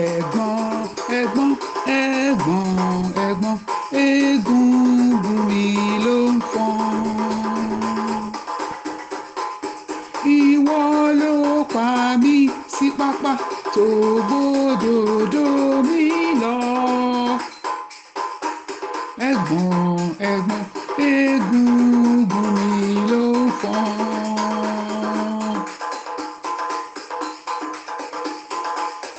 ẹ̀gbọ́n ẹ̀gbọ́n ẹ̀gbọ́n ẹ̀gbọ́n egungun mi ló ń fọn. ìwọ ló pa mí sí pápá tó gbódòdó mi lọ. ẹ̀gbọ́n